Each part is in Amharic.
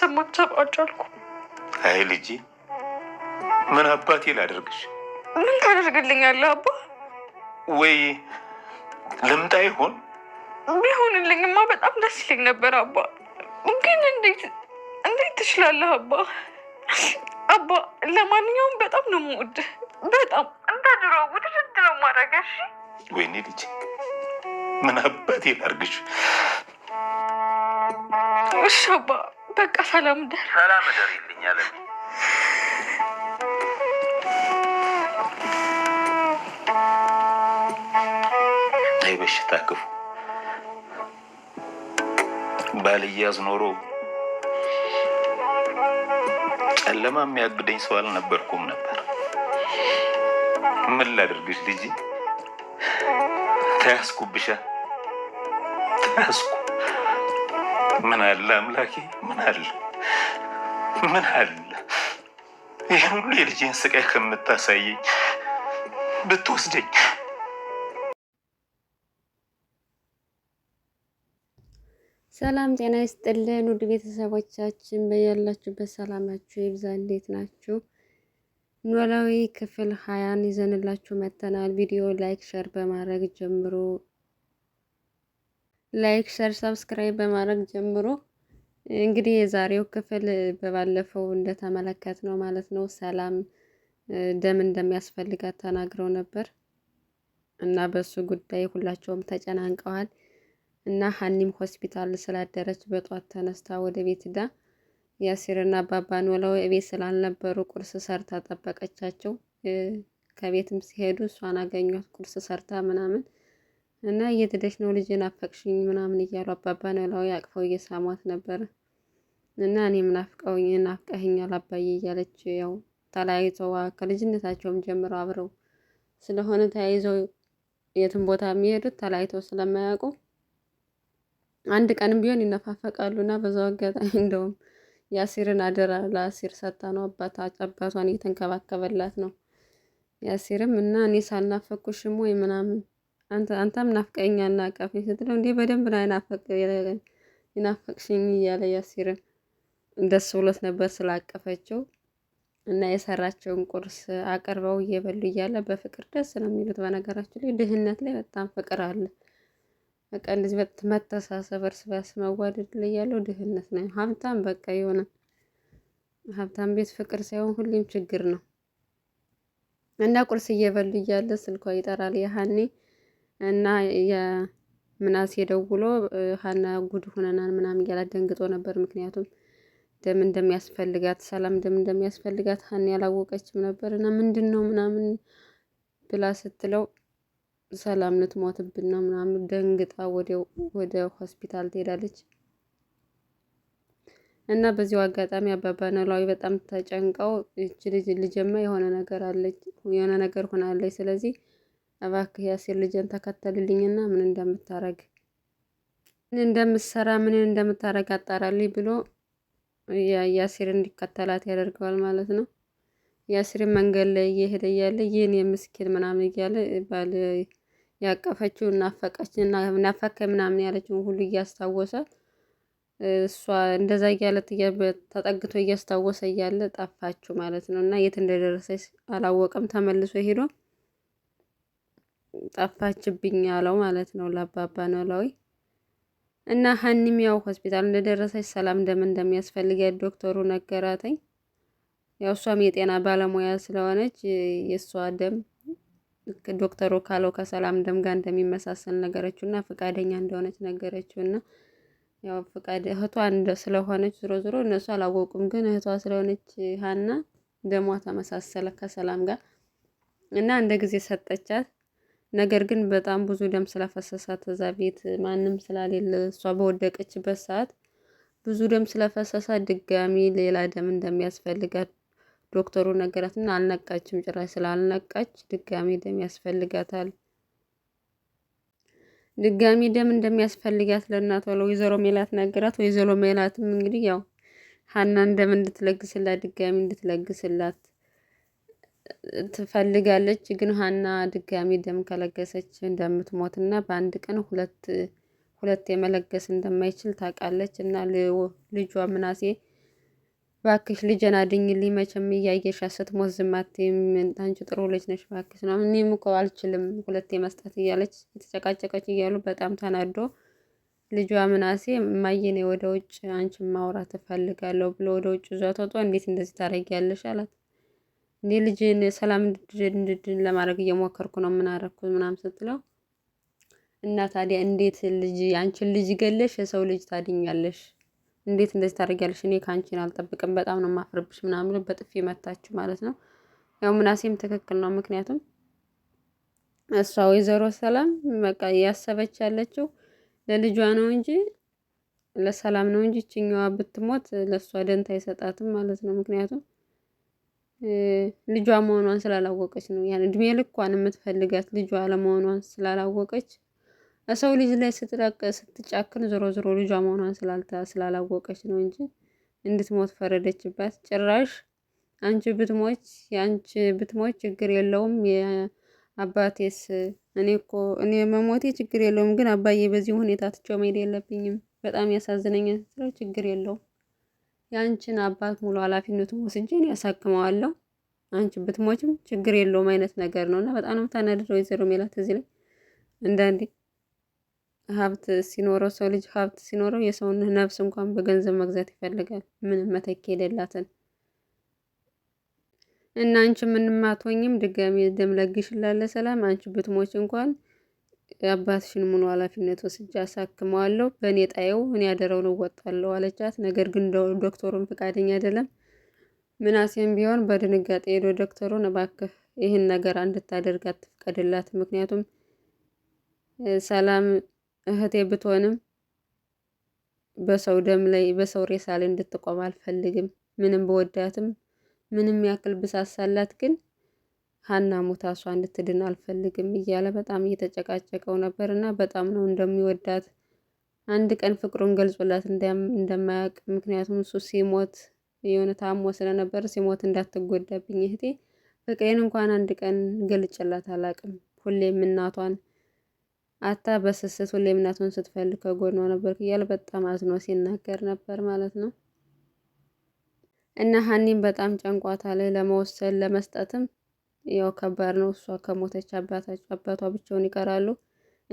ሰማች አባጫልኩ። አይ ልጅ ምን አባቴ ላደርግሽ? ምን ታደርግልኛለህ አባ? ወይ ልምጣ ይሆን? ቢሆንልኝማ በጣም ደስ ይለኝ ነበር አባ። ግን እንዴት እንዴት ትችላለህ አባ? አባ ለማንኛውም በጣም ነው የምወድህ። በጣም እንደ ድሮ ውድድር ነው ማድረገሽ። ወይኔ ልጄ ምን አባቴ ላርግሽ? እሺ አባ በቃ ሰላም ደር ሰላም ደር ይልኛል። አይ በሽታ ክፉ ባልያዝ ኖሮ ጨለማ የሚያግደኝ ሰው አልነበርኩም ነበር። ምን ላድርግሽ ልጅ ተያዝኩብሻ ተያዝኩ። ምን አለ አምላኬ፣ ምን አለ ምን አለ ይህን ሁሉ የልጅን ስቃይ ከምታሳየኝ ብትወስደኝ። ሰላም ጤና ይስጥልን ውድ ቤተሰቦቻችን፣ በያላችሁበት ሰላማችሁ ይብዛ። እንዴት ናችሁ? ኖላዊ ክፍል ሀያን ይዘንላችሁ መጥተናል። ቪዲዮ ላይክ፣ ሸር በማድረግ ጀምሮ ላይክ፣ ሸር፣ ሰብስክራይብ በማድረግ ጀምሮ እንግዲህ የዛሬው ክፍል በባለፈው እንደተመለከት ነው ማለት ነው። ሰላም ደም እንደሚያስፈልጋት ተናግረው ነበር እና በሱ ጉዳይ ሁላቸውም ተጨናንቀዋል እና ሀኒም ሆስፒታል ስላደረች በጧት ተነስታ ወደ ቤት ዳ ያሲርና አባባን ኖላዊ እቤት ስላልነበሩ ቁርስ ሰርታ ጠበቀቻቸው። ከቤትም ሲሄዱ እሷን አገኟት ቁርስ ሰርታ ምናምን እና እየትደሽ ነው ልጄን አፈቅሽኝ ምናምን እያሉ አባባ ኖላዊ አቅፈው እየሳሟት ነበር እና እኔ ምናፍቀውኝ ናፍቀኸኛል አባዬ እያለች ያው ተለያይተዋ ከልጅነታቸውም ጀምሮ አብረው ስለሆነ ተያይዘው የትም ቦታ የሚሄዱት ተለያይተው ስለማያውቁ አንድ ቀንም ቢሆን ይነፋፈቃሉ። እና በዛው አጋጣሚ እንደውም የአሲርን አደራ ለአሲር ሰታ ነው አባቷን እየተንከባከበላት ነው። የአሲርም እና እኔ ሳልናፈኩሽም ወይ ምናምን አንተ አንተም ናፍቀኛ እና ስትለው እንዲህ በደንብ ና ናፈቅ የናፈቅሽኝ እያለ ያሲርን ደስ ብሎት ነበር ስላቀፈችው እና የሰራቸውን ቁርስ አቅርበው እየበሉ እያለ በፍቅር ደስ ነው የሚሉት። በነገራችን ላይ ድህነት ላይ በጣም ፍቅር አለ። በቃ እንደዚህ መተሳሰብ፣ እርስ በርስ መዋደድ ላይ ያለው ድህነት ነው። ሀብታም በቃ የሆነ ሀብታም ቤት ፍቅር ሳይሆን ሁሌም ችግር ነው እና ቁርስ እየበሉ እያለ ስልኳ ይጠራል ያሀኔ እና የምናሴ ደውሎ ሀና ጉድ ሁነናን ምናምን እያላት ደንግጦ ነበር። ምክንያቱም ደም እንደሚያስፈልጋት ሰላም ደም እንደሚያስፈልጋት ሀና ያላወቀችም ነበር እና ምንድን ነው ምናምን ብላ ስትለው ሰላም ልትሞትብን ነው ምናምን ደንግጣ ወደ ሆስፒታል ትሄዳለች። እና በዚሁ አጋጣሚ አባባ ኖላዊ በጣም ተጨንቀው ይች ልጅ ልጀማ የሆነ ነገር አለች የሆነ ነገር ሆናለች ስለዚህ እባክህ ያሴር ልጅን ተከተልልኝና ምን እንደምታረግ ምን እንደምትሰራ ምን እንደምታረግ አጣራልኝ ብሎ ያሲር እንዲከተላት ያደርገዋል ማለት ነው። ያሲር መንገድ ላይ እየሄደ እያለ ይህን የምስኪን ምናምን እያለ ባል ያቀፈችው እናፈቀች እናፈከ ምናምን ያለችውን ሁሉ እያስታወሰ እሷ እንደዛ እያለ ተጠግቶ እያስታወሰ እያለ ጠፋችው ማለት ነው። እና የት እንደደረሰች አላወቀም። ተመልሶ ሄዶ ጠፋችብኝ አለው ማለት ነው ለአባባ ኖላዊ እና ሀኒም ያው ሆስፒታል እንደደረሰች ሰላም ደም እንደሚያስፈልጋት ዶክተሩ ነገራተኝ። ያው እሷም የጤና ባለሙያ ስለሆነች የእሷ ደም ዶክተሩ ካለው ከሰላም ደም ጋር እንደሚመሳሰል ነገረችው እና ፈቃደኛ እንደሆነች ነገረችው እና ያው ፈቃድ እህቷ ስለሆነች ዞሮ ዞሮ እነሱ አላወቁም፣ ግን እህቷ ስለሆነች ሀና ደሟ ተመሳሰለ ከሰላም ጋር እና እንደ ጊዜ ሰጠቻት። ነገር ግን በጣም ብዙ ደም ስለፈሰሳት እዛ ቤት ማንም ስላሌለ እሷ በወደቀችበት ሰዓት ብዙ ደም ስለፈሰሳት ድጋሚ ሌላ ደም እንደሚያስፈልጋት ዶክተሩ ነገራትና አልነቃችም። ጭራሽ ስላልነቃች ድጋሚ ደም ያስፈልጋታል። ድጋሚ ደም እንደሚያስፈልጋት ለእናቷ ለወይዘሮ ሜላት ነገራት። ወይዘሮ ሜላትም እንግዲህ ያው ሀናን ደም እንድትለግስላት ድጋሚ እንድትለግስላት ትፈልጋለች። ግን ሀና ድጋሚ ደም ከለገሰች እንደምትሞት እና በአንድ ቀን ሁለት ሁለት የመለገስ እንደማይችል ታውቃለች። እና ልጇ ምናሴ ባክሽ ልጄን አድኝልኝ፣ መቼም እያየሽ አሰት ሞት ዝማት አንቺ ጥሩ ልጅ ነሽ፣ ባክሽ ነው እኔም እኮ አልችልም ሁለት መስጠት እያለች የተጨቃጨቀች እያሉ በጣም ተናዶ ልጇ ምናሴ ማየኔ ወደ ውጭ አንቺን ማውራት እፈልጋለሁ ብሎ ወደ ውጭ ይዟት ወጥቶ እንዴት እንደዚህ ታደርጊያለሽ አላት። እንዴ ልጅን ሰላም እንድድን ለማድረግ እየሞከርኩ ነው ምን አደረኩ ምናምን ስትለው እና ታዲያ እንዴት ልጅ አንቺን ልጅ ገለሽ የሰው ልጅ ታድኛለሽ? እንዴት እንደዚህ ታደርጊያለሽ? እኔ ከአንቺን አልጠብቅም፣ በጣም ነው ማፍርብሽ ምናምን ብሎ በጥፊ መታችሁ ማለት ነው። ያው ምናሴም ትክክል ነው። ምክንያቱም እሷ ወይዘሮ ሰላም በቃ እያሰበች ያለችው ለልጇ ነው እንጂ ለሰላም ነው እንጂ ይችኛዋ ብትሞት ለእሷ ደንታ አይሰጣትም ማለት ነው ምክንያቱም ልጇ መሆኗን ስላላወቀች ነው። ያን እድሜ ልኳን የምትፈልጋት ልጇ አለመሆኗን ስላላወቀች ሰው ልጅ ላይ ስትጠቅ ስትጫክን ዞሮ ዞሮ ልጇ መሆኗን ስላላወቀች ነው እንጂ እንድትሞት ፈረደችባት። ጭራሽ አንቺ ብትሞች የአንቺ ብትሞች ችግር የለውም አባቴስ እኔ እኮ እኔ መሞቴ ችግር የለውም፣ ግን አባዬ በዚህ ሁኔታ ትቼው መሄድ የለብኝም በጣም ያሳዝነኛል ስለው ችግር የለውም የአንቺን አባት ሙሉ ኃላፊነቱን ወስጄ እኔ ያሳክመዋለሁ አንቺ ብትሞችም ችግር የለውም አይነት ነገር ነው። እና በጣም የምታናድደው ወይዘሮ ሜላት እዚህ ላይ አንዳንዴ ሀብት ሲኖረው ሰው ልጅ ሀብት ሲኖረው የሰውን ነፍስ እንኳን በገንዘብ መግዛት ይፈልጋል። ምንም መተኪ የሌላትን እና አንቺ ምንም አትሆኝም ድጋሚ ደም ለግሽ ላለ ሰላም አንቺ ብትሞች እንኳን አባትሽን ሙሉ ኃላፊነት ወስጄ አሳክመዋለሁ በእኔ ጣየው እኔ ያደረውን እወጣለሁ አለቻት። ነገር ግን ዶክተሩን ፈቃደኛ አይደለም። ምናሴም ቢሆን በድንጋጤ ሄዶ ዶክተሩን እባክህ ይህን ነገር እንድታደርግ አትፍቀድላት፣ ምክንያቱም ሰላም እህቴ ብትሆንም በሰው ደም ላይ በሰው ሬሳ ላይ እንድትቆም አልፈልግም። ምንም በወዳትም ምንም ያክል ብሳሳላት ግን ሀና ሞታ እሷ እንድትድን አልፈልግም እያለ በጣም እየተጨቃጨቀው ነበር እና በጣም ነው እንደሚወዳት አንድ ቀን ፍቅሩን ገልጾላት እንደማያውቅ ምክንያቱም እሱ ሲሞት የሆነ ታሞ ስለነበር ሲሞት እንዳትጎዳብኝ እህቴ ፍቅሬን እንኳን አንድ ቀን ገልጭላት አላውቅም። ሁሌም እናቷን አታ በስስት ሁሌም እናቷን ስትፈልግ ከጎኗ ነበር እያለ በጣም አዝኖ ሲናገር ነበር ማለት ነው። እና ሀኒም በጣም ላይ ለመወሰን ለመስጠትም ያው ከባድ ነው። እሷ ከሞተች አባቷ ብቻውን ይቀራሉ።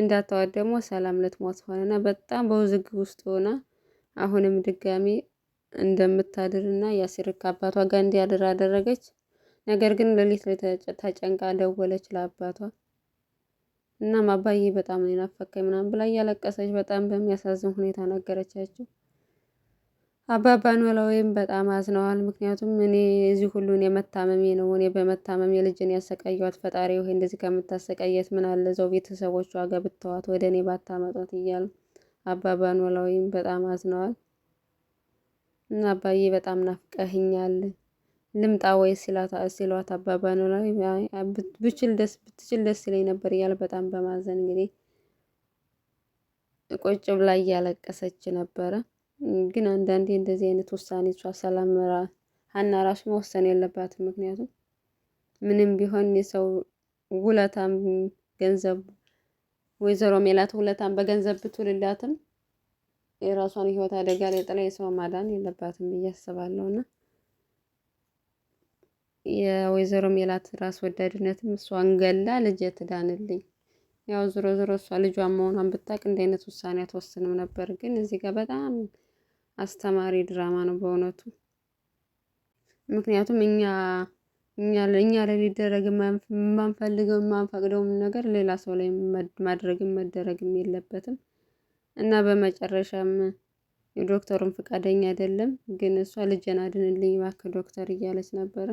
እንዳታዋት ደግሞ ሰላም ልትሞት ሆነና በጣም በውዝግብ ውስጥ ሆና አሁንም ድጋሚ እንደምታድርና ያሲር ከአባቷ ጋር እንዲያድር አደረገች። ነገር ግን ሌሊት ተጨንቃ ደወለች ለአባቷ እናም አባዬ በጣም ነው የናፈቀኝ ምናምን ብላ እያለቀሰች በጣም በሚያሳዝን ሁኔታ ነገረቻቸው። አባባ ኖላዊም በጣም አዝነዋል። ምክንያቱም እኔ እዚህ ሁሉን የመታመሜ ነው እኔ በመታመም የልጅን ያሰቃየዋት ፈጣሪ ሆይ እንደዚህ ከምታሰቃየት ምን አለ እዛው ቤተሰቦቿ ገብተዋት ወደ እኔ ባታመጧት እያሉ አባባ ኖላዊም በጣም አዝነዋል። እና አባዬ በጣም ናፍቀህኛል ልምጣ ወይ ሲላታ ሲሏት አባባ ኖላዊ ብችል ደስ ብትችል ደስ ይለኝ ነበር እያለ በጣም በማዘን እንግዲህ ቁጭ ብላ እያለቀሰች ነበረ። ግን አንዳንዴ እንደዚህ አይነት ውሳኔ እሷ ሰላም ሀና ራሱ መወሰን የለባትም። ምክንያቱም ምንም ቢሆን የሰው ውለታም ገንዘብ ወይዘሮ ሜላት ውለታም በገንዘብ ብትውልላትም የራሷን ህይወት አደጋ ላይ ጥላ የሰው ማዳን የለባትም ብዬ አስባለሁ እና የወይዘሮ ሜላት ራስ ወዳድነትም እሷን ገላ ልጅ ትዳንልኝ ያው ዝሮ ዝሮ እሷ ልጇን መሆኗን ብታቅ እንደ አይነት ውሳኔ አትወስንም ነበር። ግን እዚህ ጋር በጣም አስተማሪ ድራማ ነው በእውነቱ። ምክንያቱም እኛ እኛ ላይ ሊደረግ የማንፈልገው የማንፈቅደውም ነገር ሌላ ሰው ላይ ማድረግም መደረግም የለበትም እና በመጨረሻም የዶክተሩን ፈቃደኛ አይደለም፣ ግን እሷ ልጄን አድንልኝ እባክህ ዶክተር እያለች ነበረ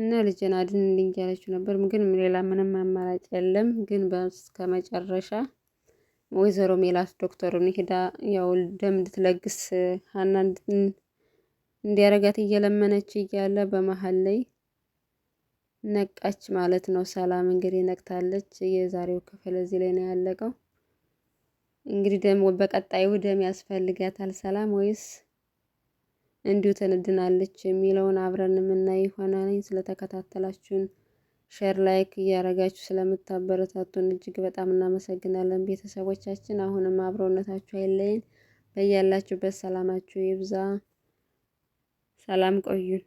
እና ልጄን አድንልኝ እያለችው ነበር። ግን ሌላ ምንም አማራጭ የለም። ግን እስከ መጨረሻ ወይዘሮ ሜላት ዶክተሩን ሄዳ ያው ደም እንድትለግስ ሀና እንዲያረጋት እየለመነች እያለ በመሀል ላይ ነቃች ማለት ነው። ሰላም እንግዲህ ነቅታለች። የዛሬው ክፍል እዚህ ላይ ነው ያለቀው። እንግዲህ ደም በቀጣዩ ደም ያስፈልጋታል ሰላም ወይስ እንዲሁ ትንድናለች የሚለውን አብረን የምናይ ይሆናል። ስለተከታተላችሁን ሼር ላይክ እያደረጋችሁ ስለምታበረታቱን እጅግ በጣም እናመሰግናለን። ቤተሰቦቻችን አሁንም አብሮነታችሁ አይለይን። በያላችሁበት ሰላማችሁ ይብዛ። ሰላም ቆዩን።